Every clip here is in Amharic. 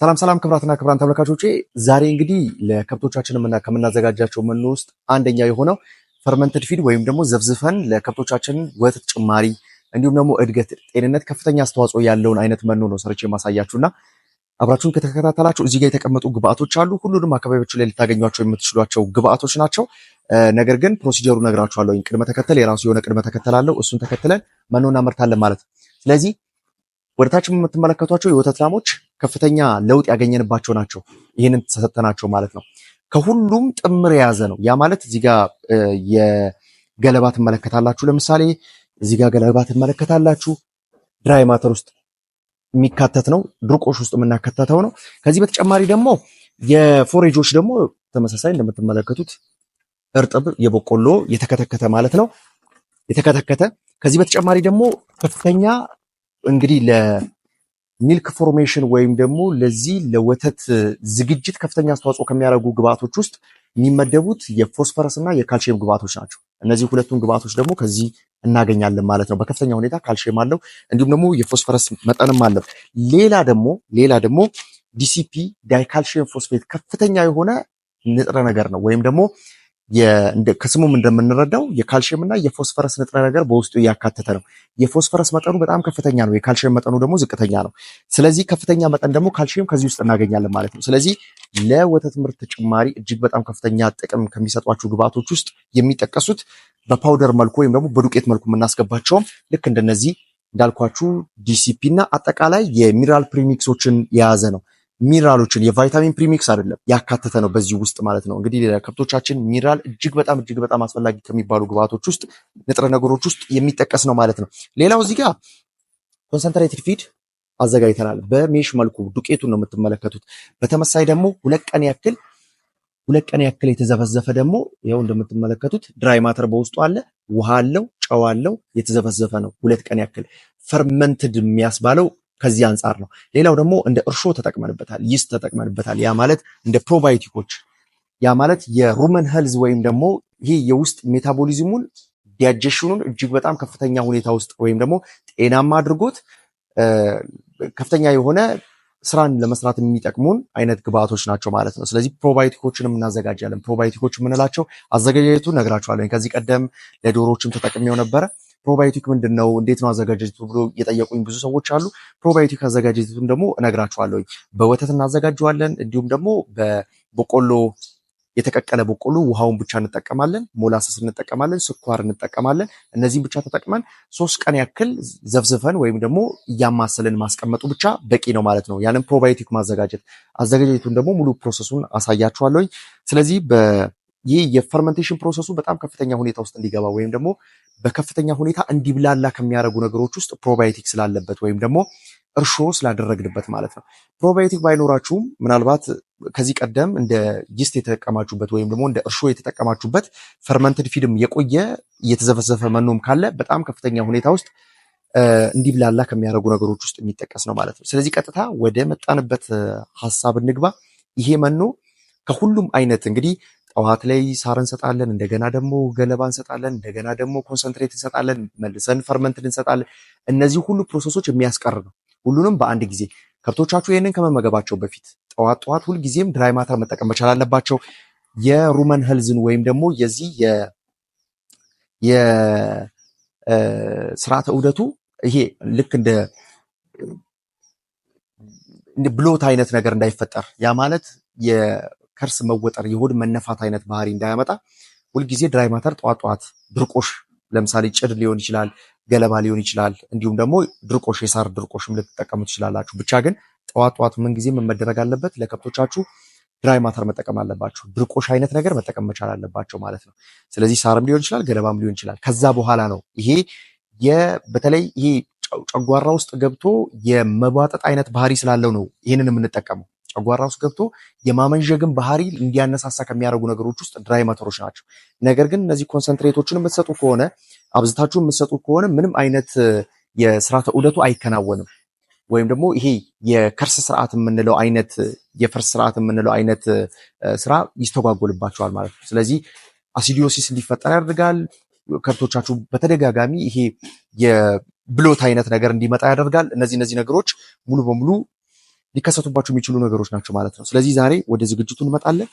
ሰላም ሰላም ክብራትና ክብራን ተመልካቾቼ ዛሬ እንግዲህ ለከብቶቻችን ከምናዘጋጃቸው መኖ ውስጥ አንደኛ የሆነው ፈርመንትድ ፊድ ወይም ደግሞ ዘብዝፈን ለከብቶቻችን ወተት ጭማሪ እንዲሁም ደግሞ እድገት፣ ጤንነት ከፍተኛ አስተዋጽኦ ያለውን አይነት መኖ ነው ሰርቼ ማሳያችሁና አብራችሁን ከተከታተላችሁ እዚህ ጋር የተቀመጡ ግብአቶች አሉ። ሁሉንም አካባቢዎች ላይ ልታገኟቸው የምትችሏቸው ግብአቶች ናቸው። ነገር ግን ፕሮሲጀሩ እነግራችኋለሁ። ቅድመ ተከተል የራሱ የሆነ ቅድመ ተከተል አለው። እሱን ተከትለን መኖ እናመርታለን ማለት ነው። ስለዚህ ወደታች የምትመለከቷቸው የወተት ላሞች ከፍተኛ ለውጥ ያገኘንባቸው ናቸው። ይህንን ተሰጠናቸው ማለት ነው። ከሁሉም ጥምር የያዘ ነው። ያ ማለት እዚህ ጋር የገለባ ትመለከታላችሁ። ለምሳሌ እዚህ ጋር ገለባ ትመለከታላችሁ። ድራይ ማተር ውስጥ የሚካተት ነው። ድርቆሽ ውስጥ የምናከተተው ነው። ከዚህ በተጨማሪ ደግሞ የፎሬጆች ደግሞ ተመሳሳይ እንደምትመለከቱት እርጥብ የበቆሎ የተከተከተ ማለት ነው የተከተከተ ከዚህ በተጨማሪ ደግሞ ከፍተኛ እንግዲህ ለሚልክ ፎርሜሽን ወይም ደግሞ ለዚህ ለወተት ዝግጅት ከፍተኛ አስተዋጽኦ ከሚያደርጉ ግብዓቶች ውስጥ የሚመደቡት የፎስፈረስ እና የካልሽየም ግብዓቶች ናቸው። እነዚህ ሁለቱን ግብዓቶች ደግሞ ከዚህ እናገኛለን ማለት ነው። በከፍተኛ ሁኔታ ካልሽየም አለው፣ እንዲሁም ደግሞ የፎስፈረስ መጠንም አለው። ሌላ ደግሞ ሌላ ደግሞ ዲሲፒ ዳይካልሽየም ፎስፌት ከፍተኛ የሆነ ንጥረ ነገር ነው ወይም ደግሞ ከስሙም እንደምንረዳው የካልሽየም እና የፎስፈረስ ንጥረ ነገር በውስጡ እያካተተ ነው። የፎስፈረስ መጠኑ በጣም ከፍተኛ ነው። የካልሽየም መጠኑ ደግሞ ዝቅተኛ ነው። ስለዚህ ከፍተኛ መጠን ደግሞ ካልሽየም ከዚህ ውስጥ እናገኛለን ማለት ነው። ስለዚህ ለወተት ምርት ጭማሪ እጅግ በጣም ከፍተኛ ጥቅም ከሚሰጧቸው ግብዓቶች ውስጥ የሚጠቀሱት በፓውደር መልኩ ወይም ደግሞ በዱቄት መልኩ የምናስገባቸውም ልክ እንደነዚህ እንዳልኳችሁ ዲሲፒ እና አጠቃላይ የሚኒራል ፕሪሚክሶችን የያዘ ነው። ሚኒራሎችን የቫይታሚን ፕሪሚክስ አይደለም ያካተተ ነው በዚህ ውስጥ ማለት ነው። እንግዲህ ለከብቶቻችን ሚኒራል እጅግ በጣም እጅግ በጣም አስፈላጊ ከሚባሉ ግብዓቶች ውስጥ ንጥረ ነገሮች ውስጥ የሚጠቀስ ነው ማለት ነው። ሌላው እዚህ ጋር ኮንሰንትሬትድ ፊድ አዘጋጅተናል። በሜሽ መልኩ ዱቄቱን ነው የምትመለከቱት። በተመሳይ ደግሞ ሁለት ቀን ያክል ሁለት ቀን ያክል የተዘፈዘፈ ደግሞ ይኸው እንደምትመለከቱት ድራይ ማተር በውስጡ አለ፣ ውሃ አለው፣ ጨው አለው፣ የተዘፈዘፈ ነው። ሁለት ቀን ያክል ፈርመንትድ የሚያስባለው ከዚህ አንጻር ነው። ሌላው ደግሞ እንደ እርሾ ተጠቅመንበታል፣ ይስት ተጠቅመንበታል። ያ ማለት እንደ ፕሮባዮቲኮች፣ ያ ማለት የሩመን ሄልዝ ወይም ደግሞ ይሄ የውስጥ ሜታቦሊዝሙን ዳይጀሽኑን እጅግ በጣም ከፍተኛ ሁኔታ ውስጥ ወይም ደግሞ ጤናማ አድርጎት ከፍተኛ የሆነ ስራን ለመስራት የሚጠቅሙን አይነት ግብአቶች ናቸው ማለት ነው። ስለዚህ ፕሮባዮቲኮችንም እናዘጋጃለን። ፕሮባዮቲኮች የምንላቸው አዘገጃጀቱ ነግራቸዋለን። ከዚህ ቀደም ለዶሮዎችም ተጠቅሜው ነበረ። ፕሮባዮቲክ ምንድን ነው፣ እንዴት ነው አዘጋጀቱ ብሎ የጠየቁኝ ብዙ ሰዎች አሉ። ፕሮባዮቲክ አዘጋጀቱን ደግሞ እነግራችኋለሁ። በወተት እናዘጋጀዋለን። እንዲሁም ደግሞ በበቆሎ የተቀቀለ በቆሎ ውሃውን ብቻ እንጠቀማለን፣ ሞላሰስ እንጠቀማለን፣ ስኳር እንጠቀማለን። እነዚህን ብቻ ተጠቅመን ሶስት ቀን ያክል ዘፍዝፈን ወይም ደግሞ እያማሰልን ማስቀመጡ ብቻ በቂ ነው ማለት ነው። ያንን ፕሮባዮቲክ ማዘጋጀት አዘጋጀቱን ደግሞ ሙሉ ፕሮሰሱን አሳያችኋለሁ። ስለዚህ ይህ የፈርመንቴሽን ፕሮሰሱ በጣም ከፍተኛ ሁኔታ ውስጥ እንዲገባ ወይም ደግሞ በከፍተኛ ሁኔታ እንዲብላላ ከሚያደርጉ ነገሮች ውስጥ ፕሮባዮቲክ ስላለበት ወይም ደግሞ እርሾ ስላደረግንበት ማለት ነው። ፕሮባዮቲክ ባይኖራችሁም ምናልባት ከዚህ ቀደም እንደ ጂስት የተጠቀማችሁበት ወይም ደግሞ እንደ እርሾ የተጠቀማችሁበት ፈርመንትድ ፊድም የቆየ እየተዘፈዘፈ መኖም ካለ በጣም ከፍተኛ ሁኔታ ውስጥ እንዲብላላ ከሚያደርጉ ነገሮች ውስጥ የሚጠቀስ ነው ማለት ነው። ስለዚህ ቀጥታ ወደ መጣንበት ሀሳብ እንግባ። ይሄ መኖ ከሁሉም አይነት እንግዲህ ጠዋት ላይ ሳር እንሰጣለን፣ እንደገና ደግሞ ገለባ እንሰጣለን፣ እንደገና ደግሞ ኮንሰንትሬት እንሰጣለን፣ መልሰን ፈርመንትን እንሰጣለን። እነዚህ ሁሉ ፕሮሰሶች የሚያስቀር ነው። ሁሉንም በአንድ ጊዜ ከብቶቻችሁ ይህንን ከመመገባቸው በፊት ጠዋት ጠዋት ሁልጊዜም ድራይ ማተር መጠቀም መቻል አለባቸው። የሩመን ህልዝን ወይም ደግሞ የዚህ የስርዓተ እውደቱ ይሄ ልክ እንደ ብሎት አይነት ነገር እንዳይፈጠር ያ ማለት ከርስ መወጠር፣ የሆድ መነፋት አይነት ባህሪ እንዳያመጣ ሁልጊዜ ድራይ ማተር ጠዋት ጠዋት ድርቆሽ፣ ለምሳሌ ጭድ ሊሆን ይችላል፣ ገለባ ሊሆን ይችላል። እንዲሁም ደግሞ ድርቆሽ፣ የሳር ድርቆሽም ልትጠቀሙ ትችላላችሁ። ብቻ ግን ጠዋት ጠዋት ምንጊዜ ጊዜ መደረግ አለበት? ለከብቶቻችሁ ድራይ ማተር መጠቀም አለባቸው ድርቆሽ አይነት ነገር መጠቀም መቻል አለባቸው ማለት ነው። ስለዚህ ሳርም ሊሆን ይችላል፣ ገለባም ሊሆን ይችላል። ከዛ በኋላ ነው ይሄ በተለይ ይሄ ጨጓራ ውስጥ ገብቶ የመቧጠጥ አይነት ባህሪ ስላለው ነው ይህንን የምንጠቀመው። ጨጓራ ውስጥ ገብቶ የማመንዠግን ባህሪ እንዲያነሳሳ ከሚያደርጉ ነገሮች ውስጥ ድራይ መተሮች ናቸው። ነገር ግን እነዚህ ኮንሰንትሬቶችን የምትሰጡ ከሆነ አብዝታችሁ የምትሰጡ ከሆነ ምንም አይነት የስርዓተ ዑደቱ አይከናወንም። ወይም ደግሞ ይሄ የከርስ ስርዓት የምንለው አይነት የፍርስ ስርዓት የምንለው አይነት ስራ ይስተጓጎልባቸዋል ማለት ነው። ስለዚህ አሲዲዮሲስ እንዲፈጠር ያደርጋል። ከብቶቻችሁ በተደጋጋሚ ይሄ የብሎት አይነት ነገር እንዲመጣ ያደርጋል። እነዚህ እነዚህ ነገሮች ሙሉ በሙሉ ሊከሰቱባቸው የሚችሉ ነገሮች ናቸው ማለት ነው። ስለዚህ ዛሬ ወደ ዝግጅቱ እንመጣለን።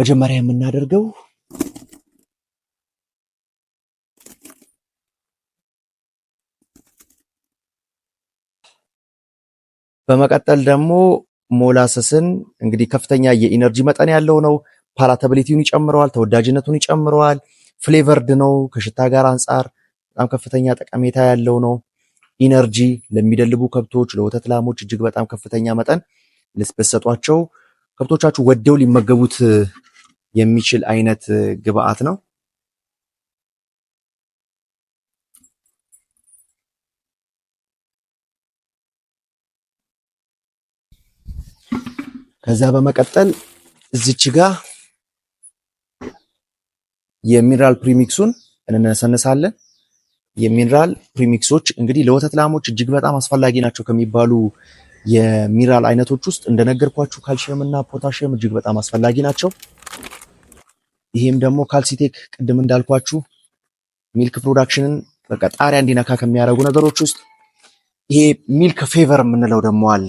መጀመሪያ የምናደርገው በመቀጠል ደግሞ ሞላሰስን እንግዲህ ከፍተኛ የኢነርጂ መጠን ያለው ነው። ፓላታብሊቲውን ይጨምረዋል፣ ተወዳጅነቱን ይጨምረዋል። ፍሌቨርድ ነው። ከሽታ ጋር አንጻር በጣም ከፍተኛ ጠቀሜታ ያለው ነው። ኢነርጂ ለሚደልቡ ከብቶች፣ ለወተት ላሞች እጅግ በጣም ከፍተኛ መጠን ልትሰጧቸው ከብቶቻችሁ ወደው ሊመገቡት የሚችል አይነት ግብአት ነው። ከዛ በመቀጠል እዚች ጋ የሚነራል ፕሪሚክሱን እንነሰንሳለን። የሚኒራል ፕሪሚክሶች እንግዲህ ለወተት ላሞች እጅግ በጣም አስፈላጊ ናቸው ከሚባሉ የሚኒራል አይነቶች ውስጥ እንደነገርኳችሁ ካልሽየም እና ፖታሽየም እጅግ በጣም አስፈላጊ ናቸው። ይህም ደግሞ ካልሲቴክ ቅድም እንዳልኳችሁ ሚልክ ፕሮዳክሽንን በቃ ጣሪያ እንዲነካ ከሚያደርጉ ነገሮች ውስጥ ይሄ ሚልክ ፌቨር የምንለው ደግሞ አለ።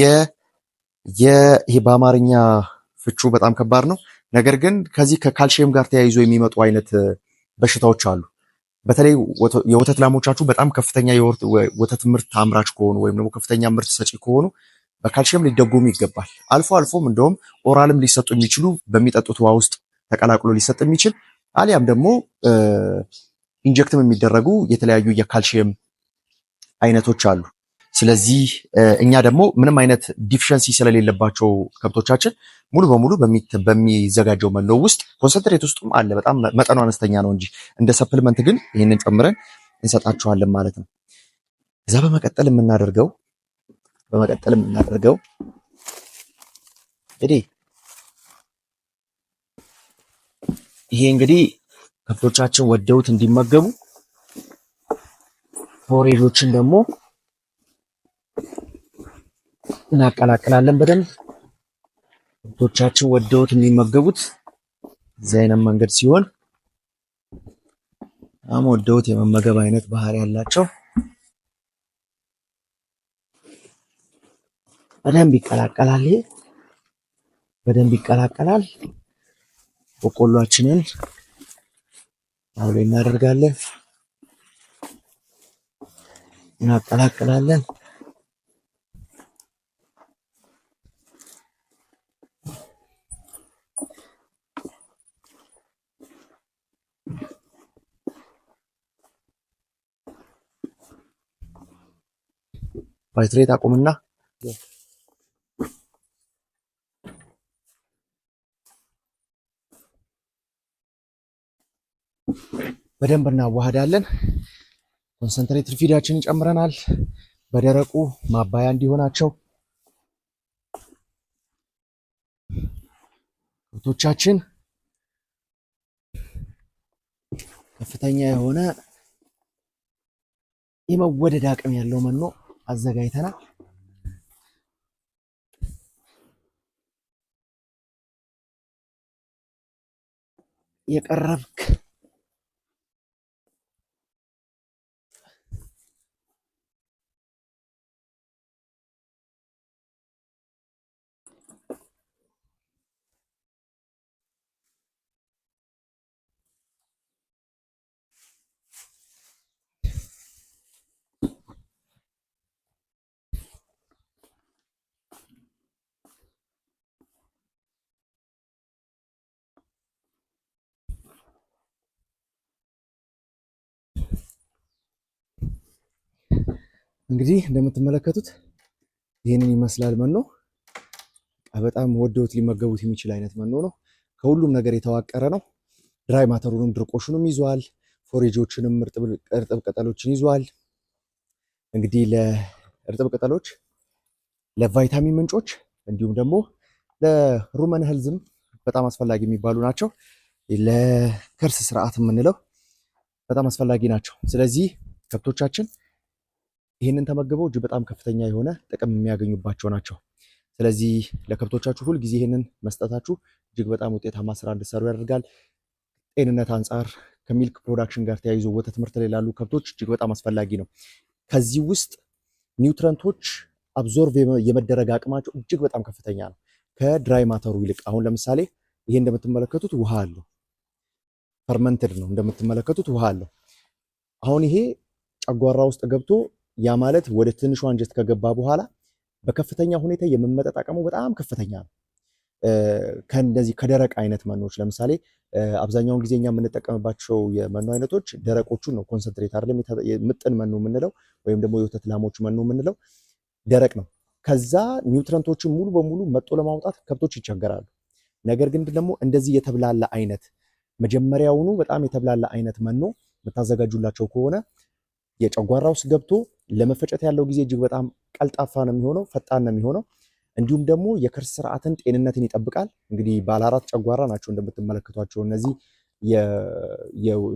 ይሄ በአማርኛ ፍቹ በጣም ከባድ ነው። ነገር ግን ከዚህ ከካልሽየም ጋር ተያይዞ የሚመጡ አይነት በሽታዎች አሉ። በተለይ የወተት ላሞቻችሁ በጣም ከፍተኛ ወተት ምርት አምራች ከሆኑ ወይም ደግሞ ከፍተኛ ምርት ሰጪ ከሆኑ በካልሽየም ሊደጎሙ ይገባል። አልፎ አልፎም እንደውም ኦራልም ሊሰጡ የሚችሉ በሚጠጡት ውሃ ውስጥ ተቀላቅሎ ሊሰጥ የሚችል አሊያም ደግሞ ኢንጀክትም የሚደረጉ የተለያዩ የካልሽየም አይነቶች አሉ። ስለዚህ እኛ ደግሞ ምንም አይነት ዲፊሸንሲ ስለሌለባቸው ከብቶቻችን ሙሉ በሙሉ በሚዘጋጀው መኖ ውስጥ ኮንሰንትሬት ውስጥም አለ። በጣም መጠኑ አነስተኛ ነው እንጂ እንደ ሰፕልመንት ግን ይህንን ጨምረን እንሰጣቸዋለን ማለት ነው። እዛ በመቀጠል የምናደርገው በመቀጠል የምናደርገው እንግዲህ ይሄ እንግዲህ ከብቶቻችን ወደውት እንዲመገቡ ፎሬጆችን ደግሞ እናቀላቅላለን በደንብ ከብቶቻችን ወደውት የሚመገቡት እዚህ አይነት መንገድ ሲሆን በጣም ወደውት የመመገብ አይነት ባህሪ ያላቸው በደንብ ይቀላቀላል። ይሄ በደንብ ይቀላቀላል። በቆሏችንን አሁን እናደርጋለን እናቀላቅላለን። ቫይትሬት አቁምና በደንብ እናዋህዳለን። ኮንሰንትሬትድ ፊዳችንን ጨምረናል። በደረቁ ማባያ እንዲሆናቸው ከብቶቻችን ከፍተኛ የሆነ የመወደድ አቅም ያለው መኖ አዘጋጅተናል። የቀረብክ እንግዲህ እንደምትመለከቱት ይህንን ይመስላል መኖ። በጣም ወደውት ሊመገቡት የሚችል አይነት መኖ ነው። ከሁሉም ነገር የተዋቀረ ነው። ድራይ ማተሩንም ድርቆሹንም ይዟል። ፎሬጆችንም እርጥብ ቅጠሎችን ይዟል። እንግዲህ ለእርጥብ ቅጠሎች ለቫይታሚን ምንጮች እንዲሁም ደግሞ ለሩመን ህልዝም በጣም አስፈላጊ የሚባሉ ናቸው። ለከርስ ስርዓት የምንለው በጣም አስፈላጊ ናቸው። ስለዚህ ከብቶቻችን ይህንን ተመግበው እጅግ በጣም ከፍተኛ የሆነ ጥቅም የሚያገኙባቸው ናቸው። ስለዚህ ለከብቶቻችሁ ሁል ጊዜ ይህንን መስጠታችሁ እጅግ በጣም ውጤታማ ስራ እንድሰሩ ያደርጋል። ጤንነት አንጻር ከሚልክ ፕሮዳክሽን ጋር ተያይዞ ወተት ምርት ላይ ላሉ ከብቶች እጅግ በጣም አስፈላጊ ነው። ከዚህ ውስጥ ኒውትረንቶች አብዞርቭ የመደረግ አቅማቸው እጅግ በጣም ከፍተኛ ነው ከድራይ ማተሩ ይልቅ። አሁን ለምሳሌ ይሄ እንደምትመለከቱት ውሃ አለው፣ ፈርመንትድ ነው እንደምትመለከቱት ውሃ አለው። አሁን ይሄ ጨጓራ ውስጥ ገብቶ ያ ማለት ወደ ትንሿ አንጀት ከገባ በኋላ በከፍተኛ ሁኔታ የመመጠጥ አቅሙ በጣም ከፍተኛ ነው። ከእንደዚህ ከደረቅ አይነት መኖች ለምሳሌ አብዛኛውን ጊዜ እኛ የምንጠቀምባቸው የመኖ አይነቶች ደረቆቹን ነው። ኮንሰንትሬት አይደለም ምጥን መኖ የምንለው ወይም ደግሞ የወተት ላሞች መኖ የምንለው ደረቅ ነው። ከዛ ኒውትረንቶችን ሙሉ በሙሉ መጦ ለማውጣት ከብቶች ይቸገራሉ። ነገር ግን ደግሞ እንደዚህ የተብላላ አይነት መጀመሪያውኑ በጣም የተብላላ አይነት መኖ የምታዘጋጁላቸው ከሆነ የጨጓራ ውስጥ ገብቶ ለመፈጨት ያለው ጊዜ እጅግ በጣም ቀልጣፋ ነው የሚሆነው፣ ፈጣን ነው የሚሆነው። እንዲሁም ደግሞ የክርስ ስርዓትን ጤንነትን ይጠብቃል። እንግዲህ ባለ አራት ጨጓራ ናቸው እንደምትመለከቷቸው እነዚህ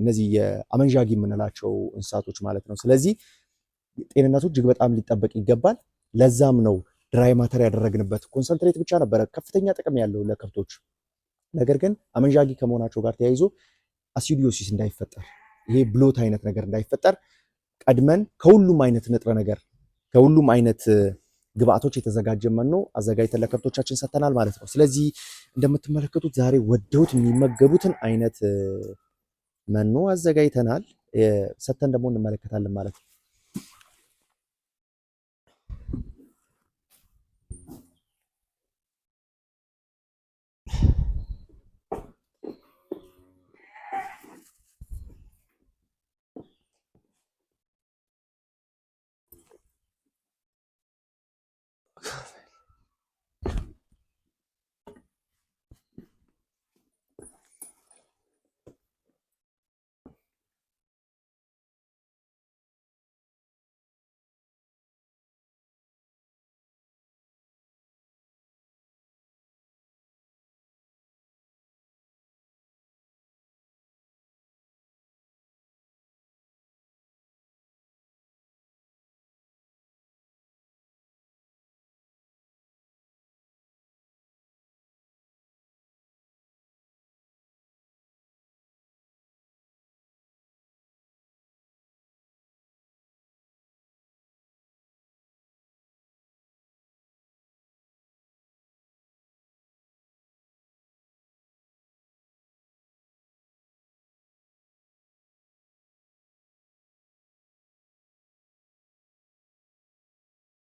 እነዚህ የአመንዣጊ የምንላቸው እንስሳቶች ማለት ነው። ስለዚህ ጤንነቱ እጅግ በጣም ሊጠበቅ ይገባል። ለዛም ነው ድራይ ማተር ያደረግንበት ኮንሰንትሬት ብቻ ነበረ ከፍተኛ ጥቅም ያለው ለከብቶች። ነገር ግን አመንዣጊ ከመሆናቸው ጋር ተያይዞ አሲዲዮሲስ እንዳይፈጠር ይሄ ብሎት አይነት ነገር እንዳይፈጠር ቀድመን ከሁሉም አይነት ንጥረ ነገር ከሁሉም አይነት ግብአቶች የተዘጋጀ መኖ አዘጋጅተን ለከብቶቻችን ሰጥተናል ማለት ነው። ስለዚህ እንደምትመለከቱት ዛሬ ወደውት የሚመገቡትን አይነት መኖ አዘጋጅተናል ሰጥተን ደግሞ እንመለከታለን ማለት ነው።